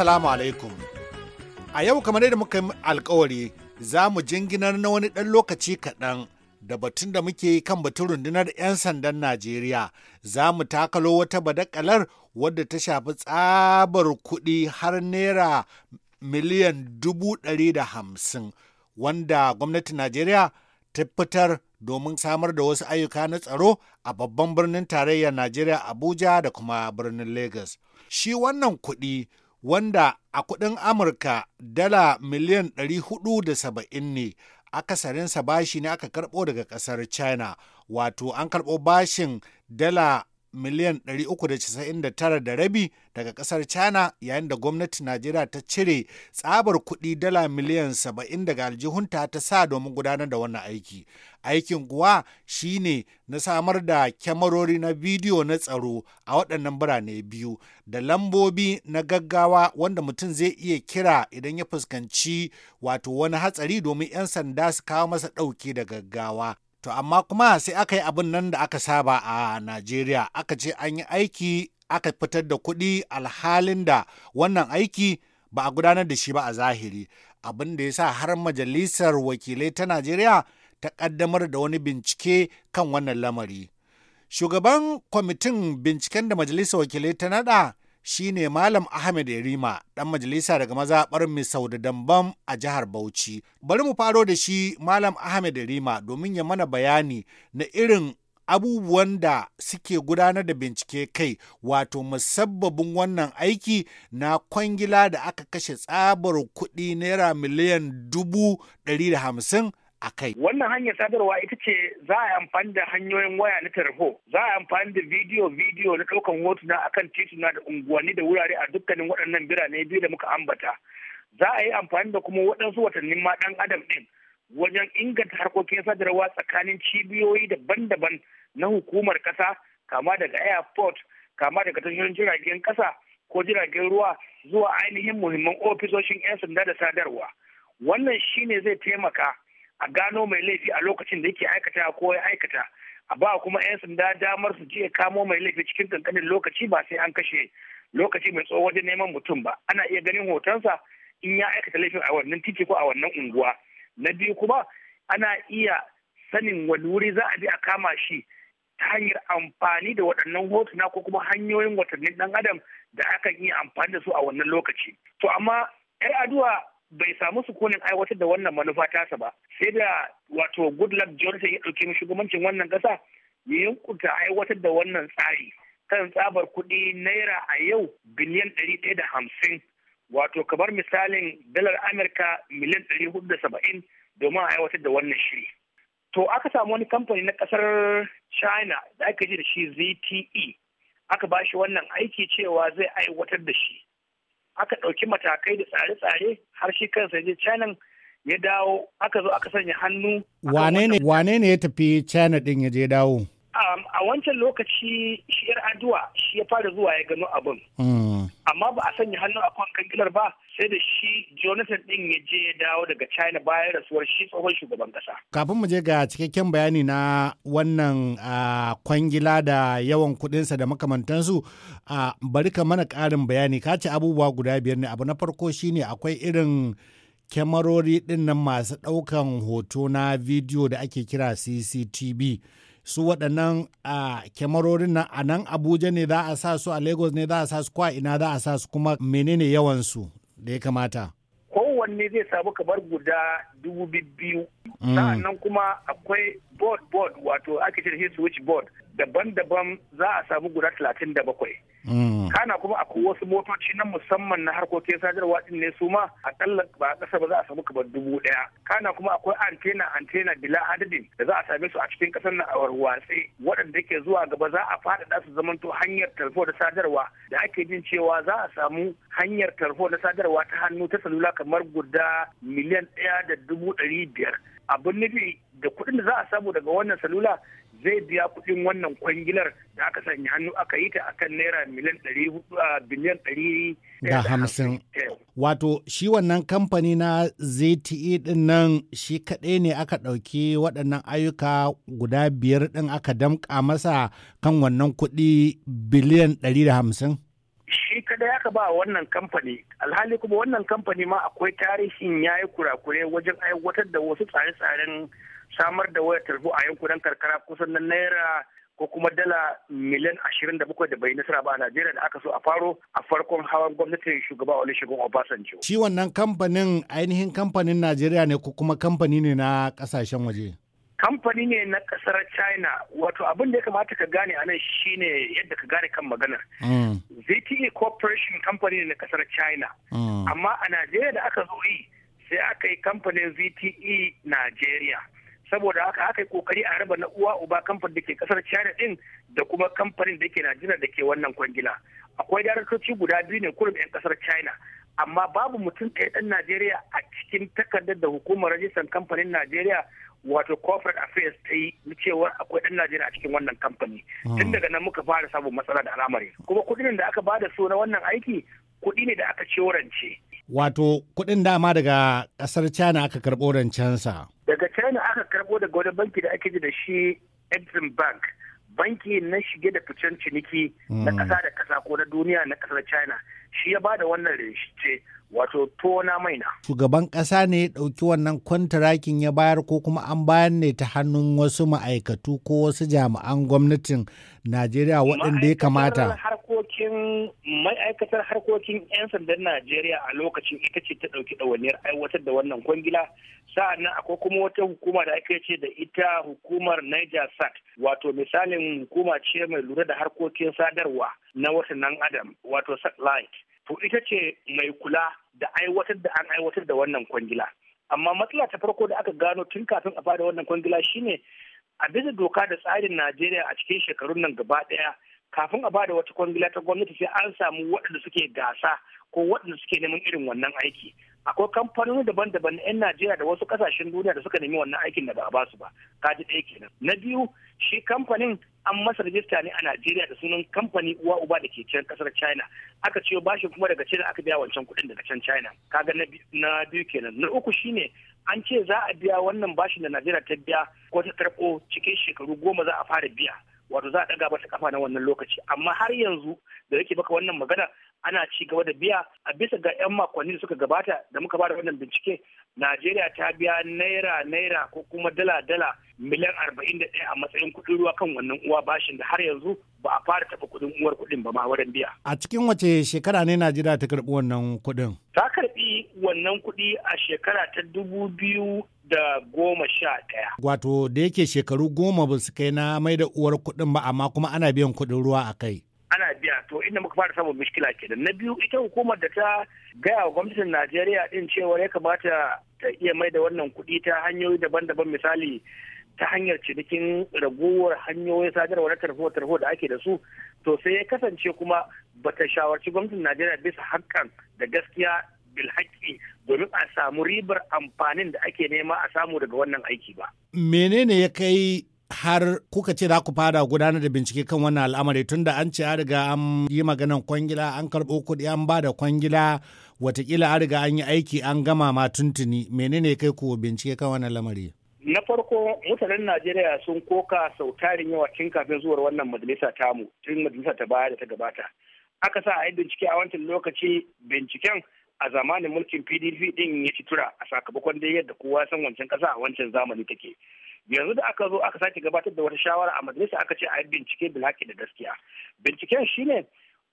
Assalamu alaikum. A yau kamar yadda muka yi alkawari za mu jinginar na wani ɗan lokaci kaɗan da batun da muke yi kan batun rundunar 'yan sandan Najeriya za mu takalo wata badakalar wadda ta shafi tsabar kuɗi har naira miliyan dubu ɗari da hamsin wanda gwamnatin Najeriya ta fitar domin samar da wasu ayyuka na tsaro a babban birnin tarayyar Najeriya Abuja da kuma birnin Lagos. Shi wannan kuɗi wanda a kudin Amurka dala miliyan 470 ne akasarinsa bashi ne aka karbo daga kasar China wato an karbo bashin dala miliyan 399 da rabi daga kasar china yayin da gwamnati najeriya ta cire tsabar kuɗi dala miliyan 70 daga aljihunta ta sa domin gudanar da wannan aiki aikin kuwa shine na samar da kyamarori na bidiyo na tsaro a waɗannan birane biyu da lambobi na gaggawa wanda mutum zai iya kira idan ya fuskanci wato wani hatsari domin 'yan sanda su kawo masa ɗauke da gaggawa To amma kuma sai aka yi abin nan da aka saba a Najeriya aka ce an yi aiki aka fitar da kuɗi alhalin da wannan aiki ba a gudanar da shi ba a zahiri abin da ya sa har majalisar wakilai ta Najeriya ta ƙaddamar da wani bincike kan wannan lamari. Shugaban kwamitin binciken da majalisar wakilai ta nada shine Malam Ahmed Yarima ɗan majalisa daga mazaɓar Misau da Dambam a jihar Bauchi. Bari mu faro da shi Malam Ahmed Yarima domin ya mana bayani na irin abubuwan da suke gudanar da bincike kai wato musabbabin wannan aiki na kwangila da aka kashe tsabar kuɗi naira miliyan dubu ɗari da hamsin a kai. Wannan hanyar sadarwa ita ce za a yi amfani da hanyoyin waya na tarho, za a yi amfani da bidiyo bidiyo na ɗaukan hotuna a kan tituna da unguwanni da wurare a dukkanin waɗannan birane biyu da muka ambata. Za a yi amfani da kuma waɗansu watannin ma ɗan adam ɗin wajen inganta harkokin sadarwa tsakanin cibiyoyi daban-daban na hukumar ƙasa kama daga airport kama daga tashoshin jiragen ƙasa ko jiragen ruwa zuwa ainihin muhimman ofisoshin 'yan sanda da sadarwa. Wannan shine zai taimaka a gano mai laifi a lokacin da yake aikata ko ya aikata a ba kuma 'yan sanda damar su je kamo mai laifi cikin kankanin lokaci ba sai an kashe lokaci mai tsawo wajen neman mutum ba ana iya ganin hotonsa in ya aikata laifin a wannan titi ko a wannan unguwa na biyu kuma ana iya sanin wani wuri za a bi a kama shi ta hanyar amfani da waɗannan hotuna ko kuma hanyoyin watannin ɗan adam da akan iya amfani da su a wannan lokaci to amma yar aduwa bai samu sukunin aiwatar da wannan manufa tasa ba sai da wato goodluck johnson ya ɗauki shugabancin wannan ƙasa ya yunkurta aiwatar da wannan tsari kan tsabar kuɗi naira a yau biliyan ɗari ɗaya da hamsin wato kamar misalin dalar amurka miliyan ɗari hudu da saba'in domin aiwatar da wannan shiri to aka samu wani kamfani na ƙasar china da aka ji da shi zte aka ba shi wannan aiki cewa zai aiwatar da shi aka ɗauki matakai da tsare-tsare har shi kansa je china ya dawo aka zo aka sanya hannu wane ne ya tafi china ɗin ya je dawo a wancan lokaci shi yar aduwa shi ya fara zuwa ya gano abin hmm. amma ba a sanya hannu a kan kankilar ba sai da shi jonathan din ya je ya dawo daga china bayan rasuwar shi tsohon shugaban kasa kafin mu je ga cikakken bayani na wannan kwangila da yawan kudinsa da makamantansu bari ka mana karin bayani ka ce abubuwa guda biyar ne abu na farko shine akwai irin kyamarori ɗin nan masu ɗaukan hoto na bidiyo da ake kira cctv su waɗannan a kyamarorin nan a nan abuja ne za a sa su a lagos ne za a sa su kwa ina za a sa su kuma menene yawan su da ya kamata kowanne zai samu kamar guda dubu biyu mm. sa'annan kuma akwai board board wato ake ce switch board daban-daban za a samu guda talatin da bakwai. Hmm. Kana kuma akwai wasu motoci na musamman na harkokin sadarwa din ne su ma kalla ba a ƙasa ba za a samu kamar dubu ɗaya. Kana kuma akwai antena antena bila adadin da za a same su a cikin ƙasar na awar watsi waɗanda ke zuwa gaba za a faɗaɗa su zamanto hanyar tarfo da sadarwa da ake jin cewa za a samu hanyar tarfo da sadarwa ta hannu ta salula kamar guda miliyan ɗaya da dubu ɗari biyar. Abin nufi da kuɗin da za a samu daga wannan salula zai biya kuɗin wannan kwangilar da aka sanya hannu aka yi ta akan naira miliyan ɗari biliyan ɗari da hamsin. Eh. Wato shi wannan kamfani na ZTE ɗin nan shi kaɗai ne aka ɗauki waɗannan ayyuka guda biyar ɗin aka damƙa masa kan wannan kuɗi biliyan ɗari da hamsin? shi kaɗai aka ka ba wannan kamfani alhali kuma wannan kamfani ma akwai tarihin ya yi kurakure wajen aiwatar da wasu tsare-tsaren samar da wayar tarho a yankunan karkara kusan na naira ko kuma dala miliyan ashirin da bakwai da bai nasara ba a Najeriya da aka so a faro a farkon hawan gwamnatin shugaba Olusegun Obasanjo. Shi wannan kamfanin ainihin kamfanin Najeriya ne ko kuma kamfani ne na kasashen waje? Kamfani ne na kasar China wato abin da ya kamata ka gane anan nan shine yadda ka gane kan maganar. ZTE mm. Corporation kamfani ne na kasar China. Mm. Amma a Najeriya da aka zo yi sai aka yi kamfanin ZTE Najeriya. saboda haka aka yi kokari a raba na uwa uba kamfanin da ke kasar china din da kuma kamfanin da ke najeriya da ke wannan kwangila akwai daraktoci guda biyu ne kurum 'yan kasar china amma babu mutum ɗaya ɗan najeriya a cikin takardar da hukumar rajistan kamfanin najeriya wato corporate affairs ta yi cewa akwai ɗan najeriya a cikin wannan kamfani hmm. tun daga nan muka fara samun matsala da al'amari kuma kuɗin da aka bada su na wannan aiki kuɗi ne da aka ce wato kuɗin dama daga ƙasar china aka karɓo rancensa daga china sako daga wani banki da ake ji da shi Exim Bank. Banki na shige da ficen ciniki na hmm. ƙasa da ƙasa ko na duniya na ƙasar China. Shi ya ba da wannan rikice wato tona maina. Shugaban ƙasa ne ya ɗauki wannan kwantarakin ya bayar ko kuma an bayan ne ta hannun wasu ma'aikatu ko wasu jami'an gwamnatin Najeriya waɗanda ya kamata. har cikin ma'aikatar harkokin 'yan sandan Najeriya a lokacin ita ce ta ɗauki ɗawainiyar aiwatar da wannan kwangila sa'annan akwai kuma wata hukuma da ake ce da ita hukumar Niger Sat wato misalin hukuma ce mai lura da harkokin sadarwa na wata nan adam wato satellite to ita ce mai kula da aiwatar da an aiwatar da wannan kwangila amma matsala ta farko da aka gano tun kafin a fara wannan kwangila shine a bisa doka da tsarin Najeriya a cikin shekarun nan gaba ɗaya kafin a bada wata kwangila ta gwamnati sai an samu waɗanda suke gasa ko waɗanda suke neman irin wannan aiki akwai kamfanoni daban-daban na 'yan najeriya da wasu kasashen duniya da suka nemi wannan aikin da ba a basu ba kaji ɗaya kenan na biyu shi kamfanin an masa rajista ne a najeriya da sunan kamfani uwa uba da ke can kasar china aka ce bashi kuma daga china aka biya wancan kuɗin daga can china kaga na biyu kenan na uku shine an ce za a biya wannan bashin da najeriya ta biya ko ta karɓo cikin shekaru goma za a fara biya wato za a ɗaga mata kafa na wannan lokaci amma har yanzu da yake baka wannan magana ana ci gaba da biya a bisa ga 'yan makonni da suka gabata da muka bada wannan bincike najeriya ta biya naira naira ko kuma dala dala miliyan arba'in da ɗaya a matsayin kuɗin ruwa kan wannan uwa bashin da har yanzu ba a fara taɓa kuɗin uwar kuɗin ba ma wurin biya. a cikin wace shekara ne najeriya ta karɓi wannan kuɗin. ta karɓi wannan kuɗi a shekara ta dubu biyu da goma sha ɗaya. Wato da yake shekaru goma ba su kai na mai da uwar kuɗin ba amma kuma ana biyan kuɗin ruwa a kai. Ana biya to inda muka fara samun mishkila da Na biyu ita hukumar da ta gaya wa gwamnatin Najeriya din cewa ya kamata ta iya mai da wannan kuɗi ta hanyoyi daban-daban misali ta hanyar cinikin ragowar hanyoyi sadarwa na tarho-tarho da ake da su to sai ya kasance kuma bata shawarci gwamnatin najeriya bisa hakan da gaskiya bilhaki domin a samu ribar amfanin da ake nema a samu daga wannan aiki ba. Menene ya kai har kuka ce za ku fara gudanar da bincike kan wannan al'amari tun da an ce an riga an yi maganan kwangila an karɓo kuɗi an ba da kwangila watakila an riga an yi aiki an gama ma tuntuni menene kai ku bincike kan wannan lamari na farko mutanen najeriya sun koka sau tarin yawa tun kafin zuwar wannan majalisa tamu tun majalisa ta baya da ta gabata aka sa a yi bincike a wancan lokaci binciken a zamanin mulkin pdp din ya ci tura a sakamakon dai yadda kowa san wancan kasa a wancan zamani take yanzu da aka zo aka sake gabatar da wata shawara a majalisa aka ce a yi bincike bilhaki da gaskiya binciken shine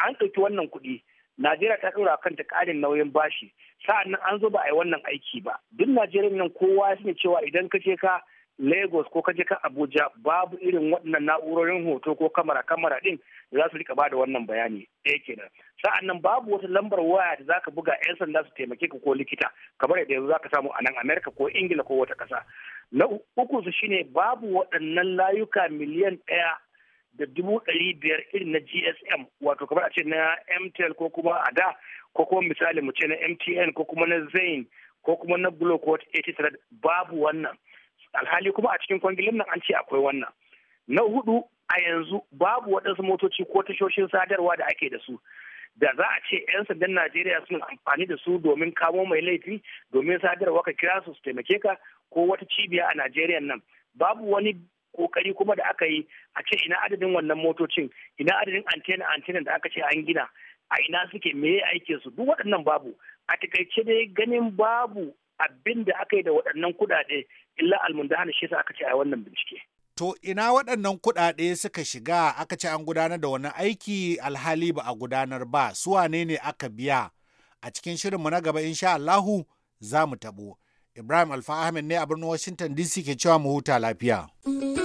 an ɗauki wannan kuɗi najeriya ta ɗora kanta ƙarin nauyin bashi sa'an an zo ba a yi wannan aiki ba duk najeriya nan kowa ya sani cewa idan ka ce ka lagos ko kaje ka abuja babu irin waɗannan na'urorin hoto ko kamara kamara ɗin da za su rika bada wannan bayani ɗaya kenan sa'an nan babu wata lambar waya da zaka buga 'yan sanda su taimake ka ko likita kamar yadda yanzu zaka samu a nan amerika ko ingila ko wata ƙasa na uku su shine babu waɗannan layuka miliyan ɗaya da dubu ɗari biyar irin na gsm wato kamar a ce na mtl ko kuma a da ko kuma misali mu ce na mtn ko kuma na zain ko kuma na glo ko 83 babu wannan alhali kuma a cikin kwangilin nan an ce akwai wannan na hudu a yanzu babu waɗansu motoci ko tashoshin sadarwa da ake da su da za a ce 'yan sandan najeriya sun amfani da su domin kamo mai laifi domin sadarwa ka kira su su taimake ka ko wata cibiya a najeriya nan babu wani kokari kuma da aka yi a ce ina adadin wannan motocin ina adadin antena antena da aka ce an gina a ina suke me aike su duk waɗannan babu a takaice dai ganin babu abin da aka yi da waɗannan kuɗaɗe illa almundahan shi aka ce a wannan bincike to ina waɗannan kuɗaɗe suka shiga aka ce an gudanar da wani aiki alhali ba a gudanar ba su wane ne aka biya a cikin shirin mu na gaba insha Allahu za mu taɓo. Ibrahim Alfa Ahmed ne a birnin Washington DC ke cewa mu huta lafiya.